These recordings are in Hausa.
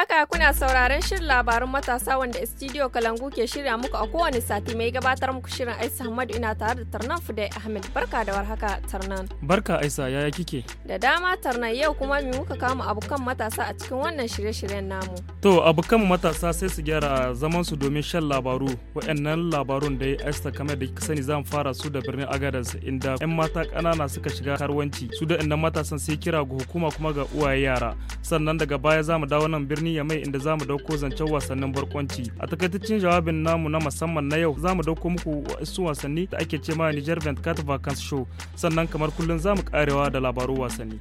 work Nigeria kuna sauraron shirin labarun matasa wanda Studio Kalangu ke shirya muku a kowane sati mai gabatar muku shirin Aisa Hamadu ina tare da Tarnan Fudai Ahmed. Barka da warhaka Tarnan. Barka Aisa yaya kike? Da dama Tarnan yau kuma mu muka kama abokan matasa a cikin wannan shirye-shiryen namu. To abokan matasa sai su gyara zaman su domin shan labaru. Waɗannan labarun da Aisa kamar da kika sani zan fara su da birnin Agadez inda 'yan mata ƙanana suka shiga karwanci. Su da matasan sai kira ga hukuma kuma ga uwaye yara. Sannan daga baya za mu dawo nan birni ya mai inda za mu dauko zancen wasannin barkwanci. A takaitaccen jawabin namu na musamman na yau za mu dauko muku su wasanni da ake ce ma Niger cat Vacance Show sannan kamar kullum za mu karewa da labarun wasanni.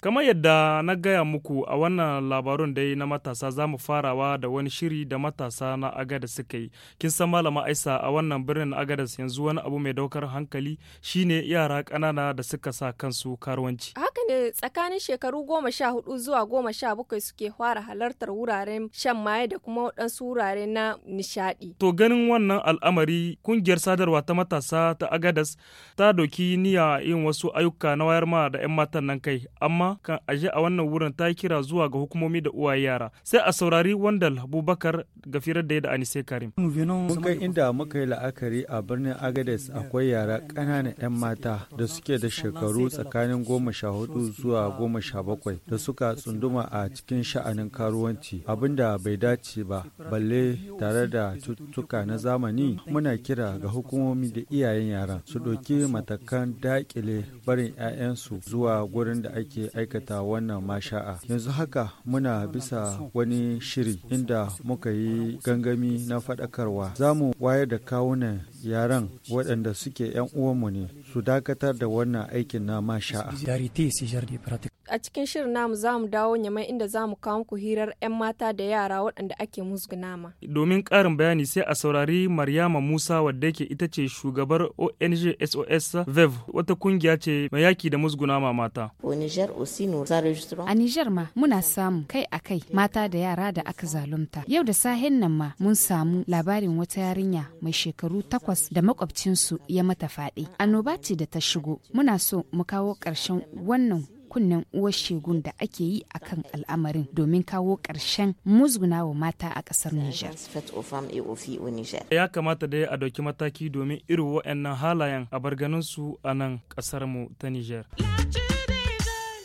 Kamar yadda na gaya muku a wannan labarun dai na matasa za mu farawa da wani shiri da matasa na agada suka yi. Kin san malama Aisa a wannan birnin Agadas yanzu wani abu mai daukar hankali shine yara ƙanana da suka sa kansu karuwanci. haka ne tsakanin shekaru goma sha hudu zuwa goma sha bakwai suke fara halartar wuraren shan maye da kuma wadansu wurare na nishaɗi. To ganin wannan al'amari kungiyar sadarwa ta matasa ta Agadas ta doki niyya yin wasu ayyuka na wayar ma da 'yan matan nan kai amma kan aje a wannan wurin ta kira zuwa ga hukumomi da uwaye yara sai a saurari wandal Abubakar firar da ya da Anise Karim. Mun kai inda muka yi la'akari a birnin Agadas akwai yara ƙananan 'yan mata da suke da shekaru tsakanin goma sha hudu zuwa goma sha bakwai da suka tsunduma a cikin sha'anin karuwanci abinda bai dace ba balle tare da cututtuka na zamani muna kira ga hukumomi da iyayen yaran su ɗauki matakan daƙile barin 'ya'yansu zuwa gurin da ake aikata wannan masha'a yanzu haka muna bisa wani shiri inda muka yi gangami na faɗakarwa za mu wayar da kawunan yaran waɗanda suke 'yan uwanmu ne su dakatar da wannan aikin na masha'a. a cikin shirin namu za mu dawo nyamai inda za mu kawo muku hirar 'yan mata da yara waɗanda ake musgunama. Domin ƙarin bayani sai a saurari Maryama Musa wadda ke ita ce shugabar ONG SOS VEV wata kungiya ce mai yaki da musgunama mata. A Nijar ma muna samu kai a kai mata da yara da aka zalunta. Yau da sahen nan ma mun samu labarin wata yarinya mai shekaru takwas da makwabcinsu ya mata faɗi. Annoba ce da ta shigo. Muna so mu kawo ƙarshen wannan kunnen uwar shegun da ake yi a kan al'amarin domin kawo ƙarshen wa mata a ƙasar Nijar. Ya kamata dai a ɗauki mataki domin irin waɗannan halayen a su a nan ƙasarmu ta Nijar.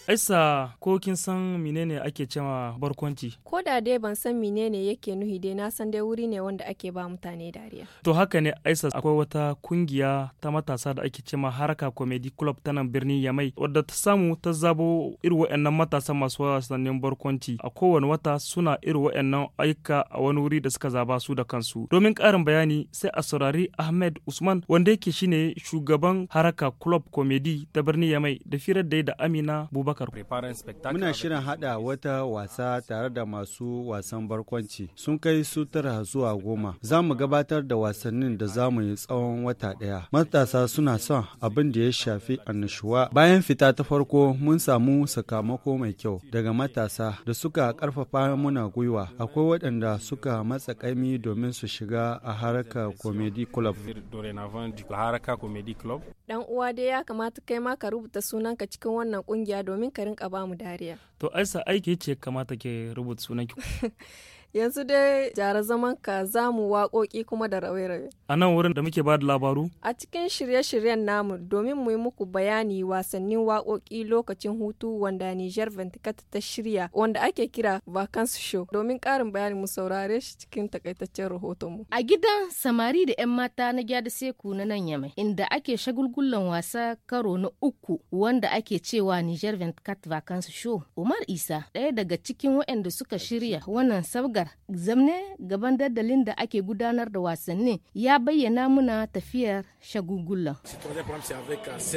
Aisa ko kin san menene ake cewa barkwanci? Ko da dai ban san menene yake nuhi dai na san dai wuri ne wanda ake ba mutane dariya. To haka ne Aisa akwai wata kungiya ta matasa da ake cewa Haraka Comedy Club ta nan birnin Yamai wadda ta samu ta zabo irin waɗannan matasa masu wasannin barkwanci a kowane wata suna irin waɗannan aika a wani wuri da suka zaba su da kansu. Domin karin bayani sai a saurari Ahmed Usman wanda yake shine shugaban Haraka Club Comedy ta birnin Yamai da firar da Amina Bubakar Abubakar. Muna shirin hada wata wasa tare da masu wasan barkwanci. Sun kai su zuwa goma. Za mu gabatar da wasannin da za mu yi tsawon wata ɗaya. Matasa suna son abin da ya shafi annashuwa. Bayan fita ta farko mun samu sakamako mai kyau daga matasa da suka karfafa muna gwiwa. Akwai waɗanda suka matsa kaimi domin su shiga a Haraka Comedy Club. dan uwa dai ya kamata kai ma ka rubuta sunanka cikin wannan kungiya domin ka rinka bamu dariya to aisa aiki ce kamata ke rubuta sunanki yanzu dai jara zaman ka za mu waƙoƙi kuma da rawe-rawe. A nan wurin da muke ba da labaru? A cikin shirye-shiryen namu domin mu yi muku bayani wasannin waƙoƙi lokacin hutu wanda Niger 24 ta shirya wanda ake kira Vacance Show domin ƙarin bayani mu saurare shi cikin takaitaccen rahoton mu A gidan samari da 'yan mata na gyada seku na nan yamai inda ake shagulgullan wasa karo na uku wanda ake cewa Niger 24 Vacance Show Umar Isa ɗaya daga cikin waɗanda suka shirya wannan sabga Nijar zamne gaban dandalin da ake gudanar da wasanni ya bayyana muna tafiyar shagugula.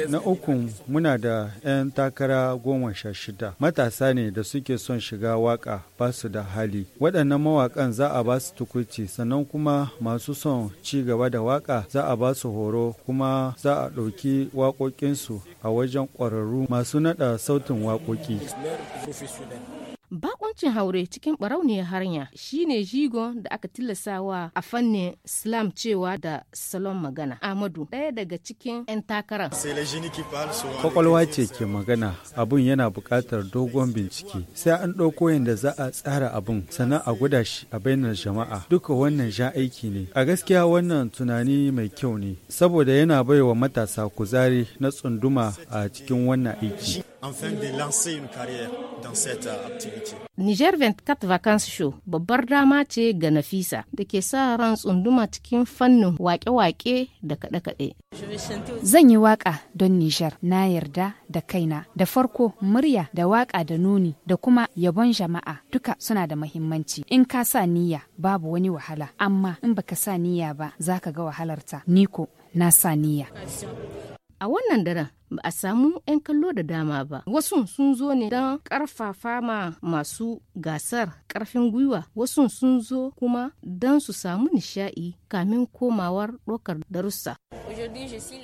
Na uku muna da 'yan takara goma sha shida matasa ne da suke son shiga waka ba su da hali. Waɗannan mawakan za a ba su tukuci sannan kuma masu son ci gaba da waka za a ba su horo kuma za a ɗauki waƙoƙinsu a wajen ƙwararru masu naɗa sautin waƙoƙi. Bakuncin haure cikin barauniyar harnya ne jigon da aka tilasawa a fannin slam cewa da salon magana. Amadu ɗaya daga cikin 'yan takarar. Kwakwalwa ce ke magana abun yana buƙatar dogon bincike sai an ɗauko yadda za a tsara abun sannan a guda shi a bainar jama'a duka wannan ja aiki ne. A gaskiya wannan tunani mai kyau ne saboda yana baiwa matasa kuzari na tsunduma a cikin wannan aiki. afin de lancer une carrière dans cette euh, activité. Niger 24 Vacances Show babbar dama ce ga Nafisa da ke sa ran tsunduma cikin fannin wake-wake da kaɗe-kaɗe. Zan yi waƙa don Nijar na yarda da kaina da farko murya da waƙa da nuni da kuma yabon jama'a duka suna da mahimmanci. In ka sa niyya babu wani wahala amma in baka sa niyya ba za ka ga wahalarta. Niko na sa niyya. a wannan daren ba a samu 'yan kallo da dama ba wasu sun zo ne don karfafa ma masu gasar karfin gwiwa wasu sun zo kuma don su samu nishaɗi kamin komawar ɗaukar darussa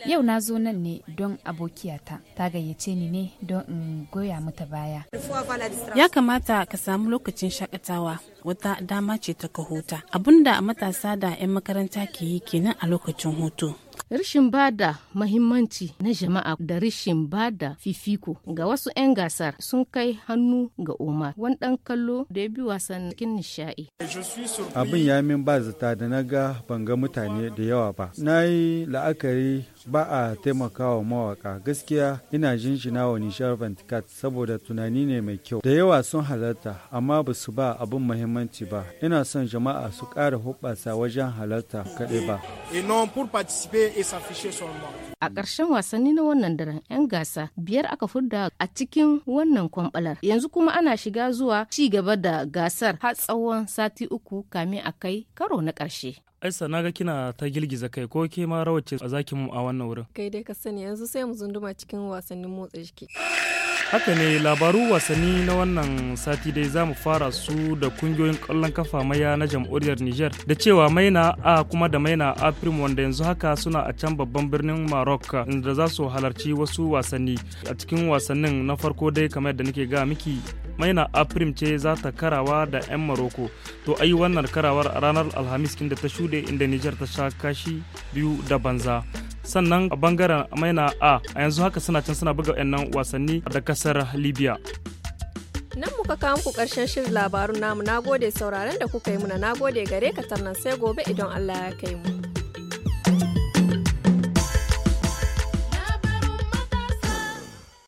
yau na zo nan ne don abokiyata ta gayyace ni ne don in goya mata baya ya kamata ka samu lokacin shakatawa wata dama ce ta ka huta abinda matasa da 'yan makaranta ke yi kenan a lokacin hutu Rashin bada mahimmanci na jama'a da rashin bada fifiko ga wasu 'yan gasar sun kai hannu ga Omar wani ɗan kallo da ya bi wasan cikin nishaɗi. Abin ya min ba zata da na ga banga mutane da yawa ba. Na yi la'akari ba a taimakawa mawaka gaskiya ina jinjina wa nishar vantikat saboda tunani ne mai kyau da yawa sun halarta amma ba su ba abin mahimmanci ba ina son jama'a su ƙara hoɓasa wajen halarta kaɗai ba A ƙarshen wasanni na wannan daren 'yan gasa biyar aka furda a cikin wannan kwamɓalar. Yanzu kuma ana shiga zuwa ci gaba da gasar har tsawon sati uku kamin a kai karo na ƙarshe. Aisa na ga kina ta girgiza kai ko ke ma rawace a zakin mu a wannan wurin. Kai dai ka sani yanzu sai mu zunduma cikin wasannin motsa jiki. haka ne labaru wasanni na wannan sati dai za mu fara su da kungiyoyin kwallon kafa maya na jamhuriyar niger da cewa maina a kuma da maina afrim wanda yanzu haka suna a can babban birnin maroc inda za su halarci wasu wasanni a cikin wasannin na farko dai kamar yadda nake ga miki maina afrim ce za ta karawa da 'yan maroko to ayi wannan karawar a ranar alhamis kin da ta shuɗe inda niger ta sha kashi biyu da banza sannan a bangaren maina a a yanzu haka suna can suna buga wayannan wasanni da kasar libya nan muka kawo muku karshen shirin labarun namu gode sauraron da kuka yi muna gode gare ka sannan sai gobe idan allah ya kai mu